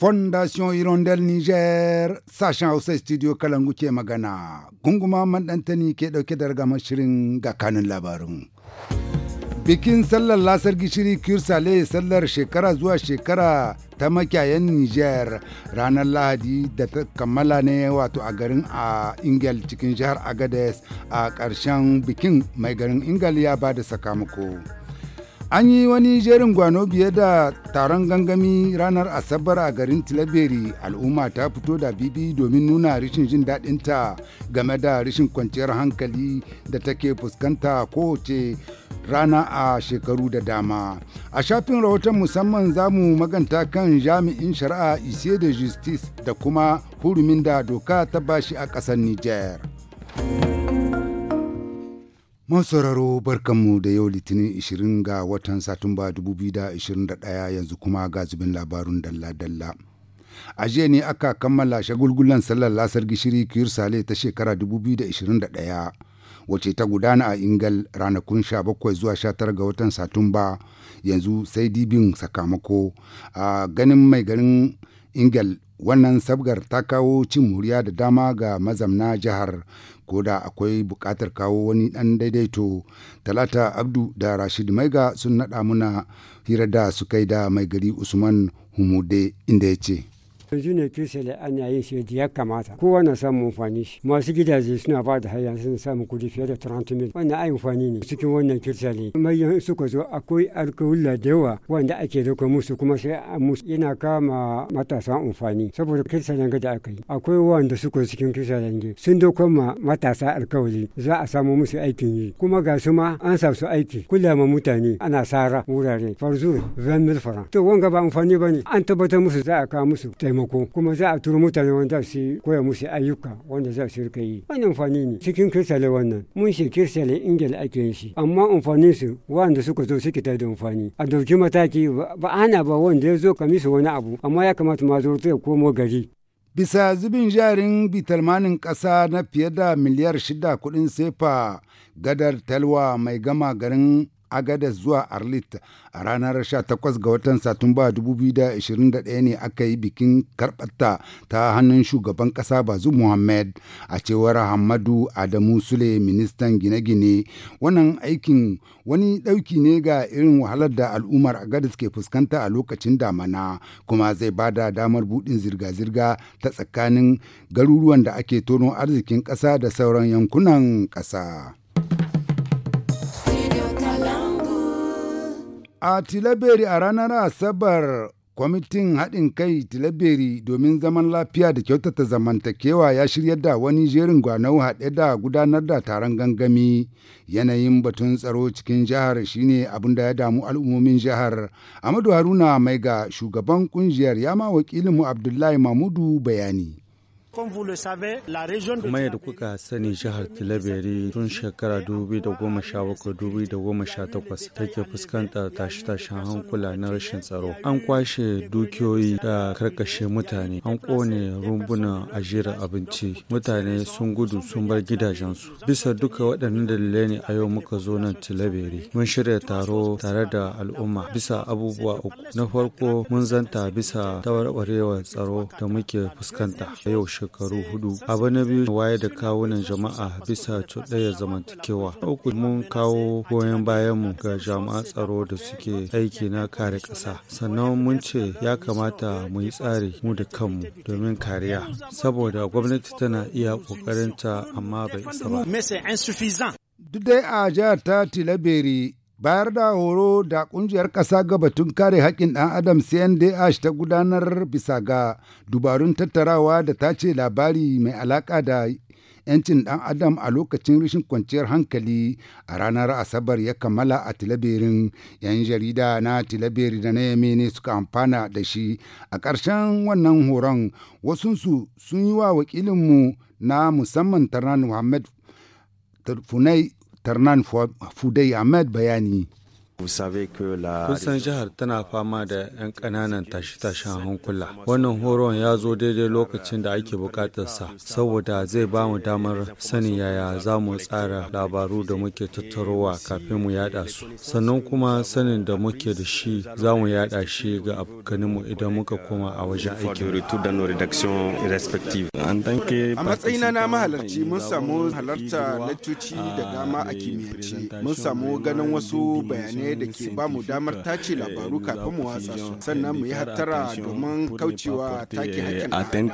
fondation hirondel niger sashen hausa studio kalangu ke magana gunguma dantani ke dauke da ragama shirin ga kanin labarin bikin sallar lasar gishiri kirsale sallar shekara zuwa shekara ta makiyayen niger ranar lahadi da ta kammala ne wato a garin a Ingal cikin jihar agades a ƙarshen bikin mai garin ingal ya ba da sakamako. an yi wani jerin gwano biye da taron gangami ranar asabar a garin tilaberi al'umma ta fito da bibi domin nuna rashin jin daɗinta game da rashin kwanciyar hankali da take fuskanta kowace rana a shekaru da dama a shafin rahoton musamman za mu maganta kan jami'in shari'a ise da justice da kuma hurumin da doka ta bashi a ƙasar niger sauraro barkanmu da yau litinin 20 ga watan satumba 2021 yanzu kuma ga zubin labarun dalla-dalla. A jiya ne aka kammala shagulgulan sallar lasar gishiri kiyur ta shekara 2021 wace ta gudana a ingal ranakun 17 zuwa 19 ga watan satumba yanzu sai dibin sakamako a ganin mai ganin. ingal wannan sabgar ta kawo cin muriya da dama ga mazamna jihar ko akwai buƙatar kawo wani ɗan daidaito talata abdu da rashid maiga sun naɗa muna hira da su kai da mai gari usman humude inda ya ce yanzu ne da ana yin shi da ya kamata kowane samun amfani shi masu gidaje suna ba da haya sun samu kudi fiye da 30 mil wannan ai amfani ne cikin wannan tusale mai suka zo akwai alkawulla da yawa wanda ake da musu kuma sai a musu yana kama matasa amfani saboda tusalen da aka yi akwai wanda suka cikin tusalen sun dauka ma matasa alkawali za a samu musu aikin yi kuma ga su ma an sa su aiki kula ma mutane ana sara wurare farzu 20 mil faran to wanga ba amfani bane an tabbatar musu za a kawo musu taimako taimako kuma za a turo mutane wanda su koya musu ayyuka wanda za su rika yi wani amfani ne cikin kirsale wannan mun shi kirsale ingila ake yin shi amma amfanin su wanda suka zo suke ta da amfani a dauki mataki ba ana ba wanda ya zo ka kamisu wani abu amma ya kamata ma zo ya komo gari bisa zubin jarin bitalmanin kasa na fiye da miliyar shida kudin sefa gadar talwa mai gama garin agadas zuwa arlit a ranar 18 ga watan satumba 2021 ne aka yi bikin karbata ta hannun shugaban ƙasa bazu muhammad a cewar hamadu adamu sule ministan gine-gine wannan aikin wani ɗauki ne ga irin wahalar da al'ummar agadas ke fuskanta a lokacin damana kuma zai ba da damar buɗin zirga-zirga ta tsakanin garuruwan da ake tono arzikin ƙasa da sauran yankunan ƙasa. A Tilaberi a ranar Asabar kwamitin haɗin kai tilaberi domin zaman lafiya da kyautata zamantakewa ya shirya da wani jerin gwanau haɗe da gudanar da taron gangami yanayin batun tsaro cikin jihar shine abin da ya damu al'ummomin jihar amadu haruna mai ga shugaban kungiyar ya ma wakilinmu abdullahi mamudu bayani Kuma yadda kuka sani jihar Tilaberi tun shekara 2017-2018 take fuskantar tashe-tashen hankula na rashin tsaro. An kwashe dukiyoyi da karkashe mutane, an kone rumbunan ajiyar abinci, mutane sun gudu sun bar gidajensu. Bisa duka waɗannan dalilai ne a yau muka zo nan Tilaberi. Mun shirya taro tare da al'umma bisa abubuwa uku. Na farko mun zanta bisa tawarwarewar tsaro da muke fuskanta. Yau shekaru hudu. Abu na biyu waye da kawunan jama'a bisa cuɗaya zamantakewa. Uku mun kawo goyon bayanmu ga jama'a tsaro da suke aiki na kare ƙasa. Sannan mun ce ya kamata mu yi tsari mu da kanmu domin kariya. Saboda gwamnati tana iya ƙoƙarinta amma bai isa ba. Duk dai a jihar ta Tilaberi bayar da horo da kungiyar ƙasa ga batun kare haƙƙin ɗan adam cndh ta gudanar bisa ga dubarun tattarawa da ta ce labari mai alaƙa da 'yancin ɗan adam a lokacin rashin kwanciyar hankali a ranar asabar ya kammala a tilaberin 'yan jarida na tilaberi da na yame ne suka amfana da shi a ƙarshen wannan horon wasunsu sun yi wa wakilinmu na musamman tarnan muhammad funai tarnan fudai ahmed bayani Kusan jihar tana fama da 'yan ƙananan tashe-tashen hankula. Wannan horon ya zo daidai lokacin da ake buƙatarsa, saboda zai ba mu damar sanin yaya za mu tsara labaru da muke tattarowa kafin mu yada su. Sannan kuma sanin da muke da shi za mu yada shi ga abokanmu idan muka koma a wajen aikin. A matsayina na mahalarci mun samu halarta laccoci da dama a kimiyyance. Mun samu ganin wasu bayanai ne da ke ba mu damar tace eh, labaru kafin mu watsa su sannan mu yi hattara domin kaucewa take eh, hakkin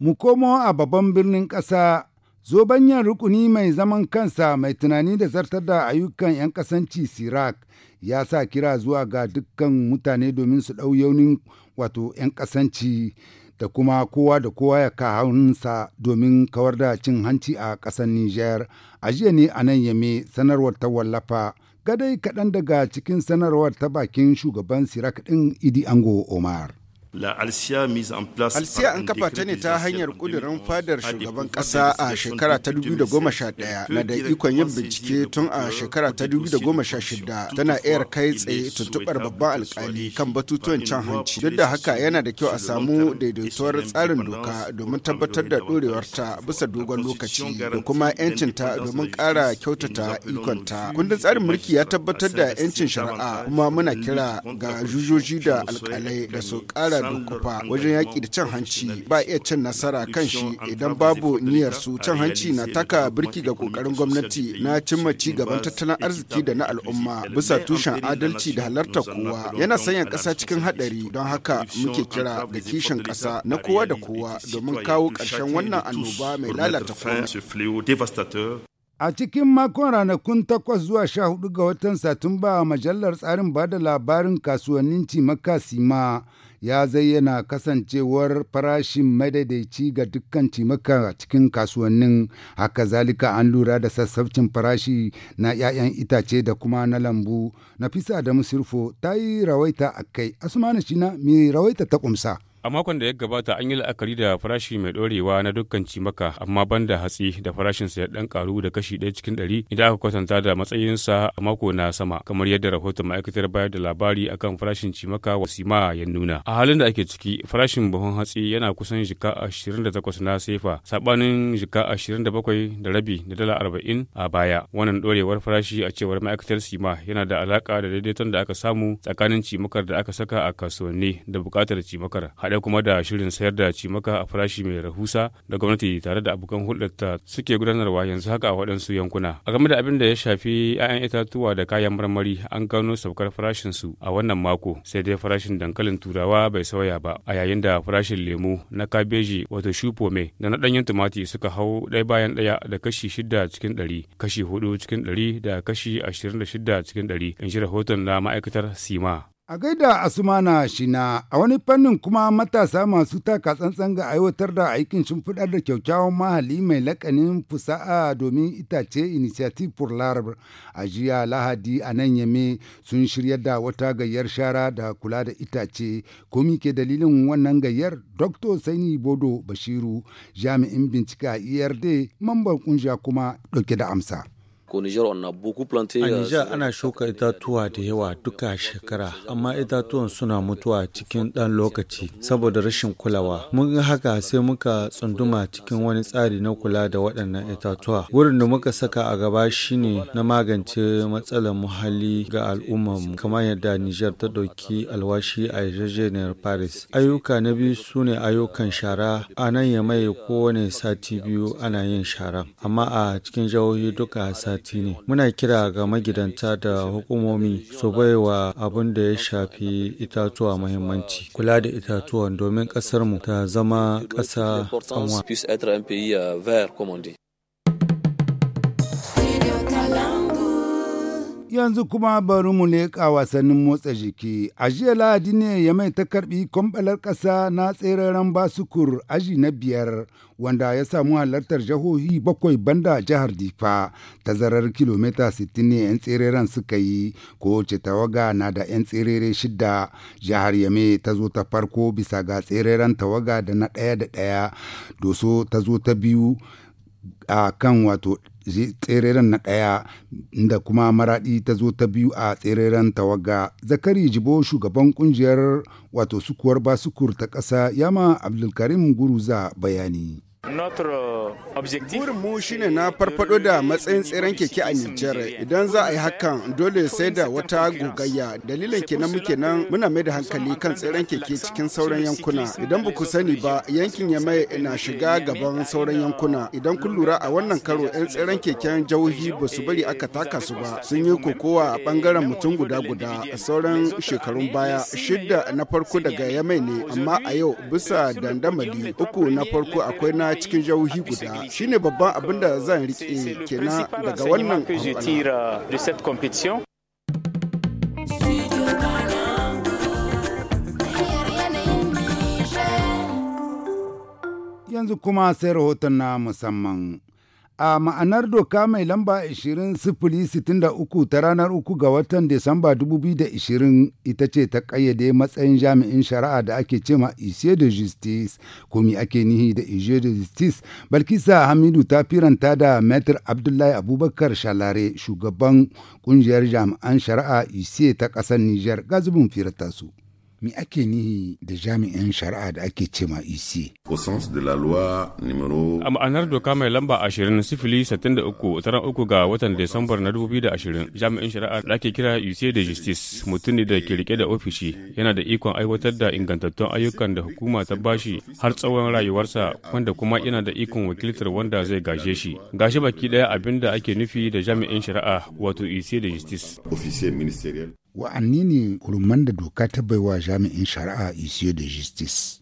mu komo a babban birnin ƙasa zobanyan rukuni mai zaman kansa mai tunani da zartar da ayyukan 'yan kasanci sirak ya sa kira zuwa ga dukkan mutane domin su ɗau yaunin wato 'yan kasanci da kuma kowa da kowa ya ka hannunsa domin kawar da cin hanci a ƙasar Nijar. A jiya ne a nan yame sanarwar ta wallafa gadai kaɗan daga cikin sanarwar ta bakin shugaban sirak ɗin idi ango omar Alsiya an kafa ta ne ta hanyar kudirin fadar shugaban ƙasa a shekara ta 2011 na da ikon yin bincike tun a shekara ta 2016 tana ayar kai tsaye tuntubar babban alkali kan batutuwan can hanci duk da haka yana da kyau a samu daidaituwar tsarin doka domin tabbatar da ɗorewarta bisa dogon lokaci da kuma yancinta domin ƙara kyautata ikonta kundin tsarin mulki ya tabbatar da yancin shari'a kuma muna kira ga jujoji da alkalai da su kara suka fa wajen yaƙi da cin hanci ba iya cin nasara kan shi idan babu niyyar su cin hanci na taka birki ga kokarin gwamnati na cimma ci gaban tattalin arziki da na al'umma bisa tushen adalci da halartar kowa yana sanya ƙasa cikin haɗari don haka muke kira ga kishin ƙasa na kowa da kowa domin kawo ƙarshen wannan annoba mai lalata kowa. A cikin makon ranakun takwas zuwa sha hudu ga watan Satumba majallar tsarin ba da labarin kasuwannin cimaka sima ya zayyana kasancewar farashin madaidaici ga dukkan cimaka cikin kasuwannin haka zalika an lura da sassafcin farashi na 'ya'yan itace da kuma na lambu nafisa da musirfo ta yi rawaita a kai shi na mai rawaita ta kumsa. A makon da ya gabata an yi la'akari da farashi mai ɗorewa na dukkan cimaka amma ban da hatsi da farashinsa ya ɗan karu da kashi ɗaya cikin ɗari idan aka kwatanta da matsayinsa a mako na sama kamar yadda rahoton ma'aikatar bayar da labari akan farashin cimaka wasima ya nuna. A halin da ake ciki farashin buhun hatsi yana kusan jika ashirin da takwas na sefa saɓanin jika ashirin da bakwai da rabi da dala arba'in a baya. Wannan ɗorewar farashi a cewar ma'aikatar sima yana da alaƙa da daidaiton da aka samu tsakanin cimakar da aka saka a kasuwanni da buƙatar cimakar. haɗe kuma da shirin sayar da cimaka a farashi mai rahusa da gwamnati tare da abokan hulɗarta suke gudanarwa yanzu haka a waɗansu yankuna a game da abin da ya shafi 'ya'yan itatuwa da kayan marmari an gano saukar farashinsu a wannan mako sai dai farashin dankalin turawa bai sauya ba a yayin da farashin lemu na kabeji wato shupome da na ɗanyen tumati suka hau ɗaya bayan ɗaya da kashi shida cikin ɗari kashi hudu cikin ɗari da kashi ashirin da shida cikin ɗari in shi rahoton na ma'aikatar sima A gaida Asumana Shina, a wani fannin kuma matasa masu taka tsantsan ga aiwatar da aikin shimfiɗar da kyaukyawan mahali mai lakanin fusa'a domin itace Initiative for Larab a jiya Lahadi a nan Yame sun shirya da wata gayyar shara da kula da itace. Komi ke dalilin wannan gayyar Dr. Sani Bodo Bashiru, jami'in bincike a ERD, mamban kunja kuma ɗauke da amsa. ko Niger a beaucoup A euh, ana shuka itatuwa da yawa duka shekara amma itatuwan suna mutuwa cikin ɗan lokaci saboda rashin kulawa. Mun haka sai muka tsunduma cikin wani tsari na kula da waɗannan itatuwa. Wurin da muka saka a gaba shine na magance matsalar muhalli ga mu kamar yadda nijar ta ɗauki alwashi a yarjejeniyar Paris. Ayyuka na biyu su ne ayyukan shara a nan ya mai kowane sati biyu ana yin shara amma a cikin jihohi duka sati gwamnati ne muna kira ga magidanta da hukumomi su baiwa abin da ya shafi itatuwa muhimmanci kula da itatuwan domin kasarmu ta zama ƙasa tsanwa yanzu kuma bari mu leƙa wasannin motsa jiki. A jiya Lahadi ne ya mai ta karɓi kwambalar ƙasa na tseraren basukur aji na biyar wanda ya samu halartar jihohi bakwai banda jihar Difa. ta zarar kilomita 60 ne 'yan tsereren suka yi ko ce tawaga na da 'yan tserere shida. Jihar Yame ta zo ta farko bisa ga tsereren tawaga da na ɗaya da ɗaya. Doso ta zo ta biyu a kan wato tsereren na ɗaya inda kuma maraɗi ta zo ta biyu a tsereren tawaga zakari jibo shugaban kungiyar wato sukuwar basukur ta ƙasa yama abdulkarim guruza bayani Burinmu mu shine na farfado da matsayin tseren keke a Nijar idan za a yi hakan dole sai da wata gogayya dalilin kenan muke nan muna mai da hankali kan tseren keke cikin sauran yankuna idan ba ku sani ba yankin mai na shiga gaban sauran yankuna idan kun lura a wannan karo 'yan tseren keken jauhi ba su bari aka taka su ba sun yi kokowa a bangaren mutum guda guda a sauran shekarun baya shidda na farko daga Yamai ne amma a yau bisa dandamali uku na farko akwai na cikin jihohi guda shine babban abin da zan rike kenan daga wannan Yanzu kuma sai rahoton na musamman. a ma'anar doka mai lamba 20.63 ta ranar 3 ga watan Disamba 2020 ita ce ta kayyade matsayin jami'in shari'a da ake cema isier de justice komi ake nihi da isier de justice balkisa hamidu ta firanta da metr abdullahi abubakar shalare shugaban kungiyar jami'an shari'a isier ta ƙasar nijar gazubin firta su. Me ake ni da jami'in shari'a da ake ce ma EC? A ma'anar doka mai lamba 20 sifili 63 taron uku ga watan disambar na 2020 jami'in shari'a da ake kira UC e de Justice mutum ne da ke rike da ofishi yana da ikon aiwatar da ingantattun ayyukan da hukuma ta bashi har tsawon rayuwarsa wanda kuma yana da ikon wakiltar wanda zai gaje shi. Gashi baki daya abin da ake nufi da jami'in shari'a wato UC e de Justice. wa'anni ne kurman da doka ta baiwa jami'in shari'a isiyo da justice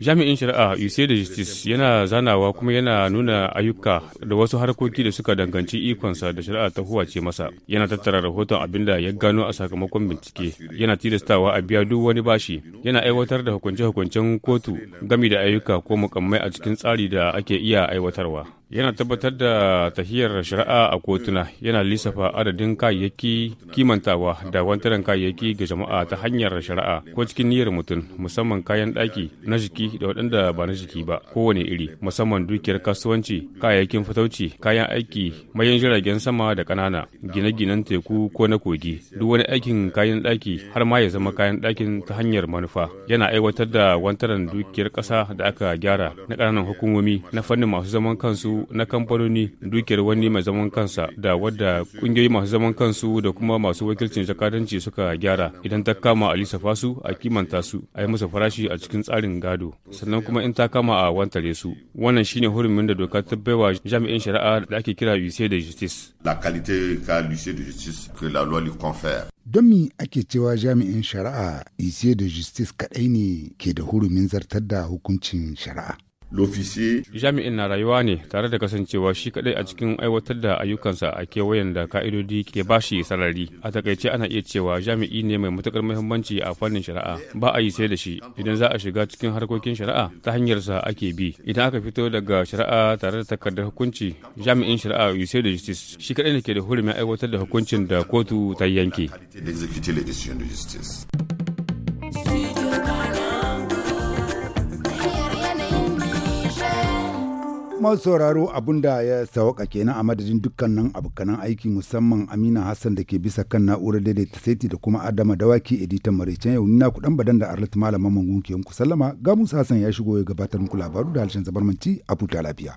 Jami'in shari'a Huissier da Justice yana zanawa kuma yana nuna ayyuka da wasu harkoki da suka danganci ikonsa da shari'a ta huwace masa. Yana tattara rahoton abin da ya gano a sakamakon bincike, yana tilastawa a biya duk wani bashi, yana aiwatar da hukunce-hukuncen kotu gami da ayyuka ko mukammai a cikin tsari da ake iya aiwatarwa. yana tabbatar da tahiyar shari'a a kotuna yana lissafa adadin kayayyaki kimantawa da wantaran kayayyaki ga jama'a ta hanyar shari'a ko cikin niyyar mutum musamman kayan ɗaki na jiki da waɗanda ba na jiki ba kowane iri musamman dukiyar kasuwanci kayayyakin fatauci kayan aiki mayan jiragen sama da ƙanana gine-ginen teku ko na kogi duk wani aikin kayan ɗaki har ma ya zama kayan ɗakin ta hanyar manufa yana aiwatar da wantaran dukiyar ƙasa da aka gyara na ƙananan hukumomi na fannin masu zaman kansu na kamfanoni dukiyar wani mai zaman kansa da wadda kungiyoyi masu zaman kansu da kuma masu wakilcin jakadanci suka gyara idan ta kama a lissafa su a kimanta su a yi musu farashi a cikin tsarin gado sannan kuma in ta kama a wantare su wannan shine hurumin da doka ta baiwa jami'in shari'a da ake kira lycée de justice la qualité qu'a lycée de justice que la loi lui confère don mi ake cewa jami'in shari'a lycée da justice kaɗai ne ke da hurumin zartar da hukuncin shari'a Jami'in na rayuwa ne tare da kasancewa shi kadai a cikin aiwatar da ayyukansa a kewayen da ka'idodi ke bashi sarari. A takaice ana iya cewa jami'i ne mai matukar muhimmanci a fannin shari'a. Ba a yi sai da shi idan za a shiga cikin harkokin shari'a ta hanyarsa ake bi. Idan aka fito daga shari'a tare da takardar hukunci jami'in shari'a sai da justice shi kadai ne ke da hurumin aiwatar da hukuncin da kotu ta yanke. masu sauraro abun da ya sauka kenan a madadin dukkanin abokanan aiki musamman Amina Hassan da ke bisa kan na'urar daidaita saiti da kuma Adama Dawaki editan Maraicen yau na kudan badan da Arlit Malaman Mangun ke muku sallama ga Musa Hassan ya shigo ya gabatar muku labaru da halshen zabarmanci a futa lafiya.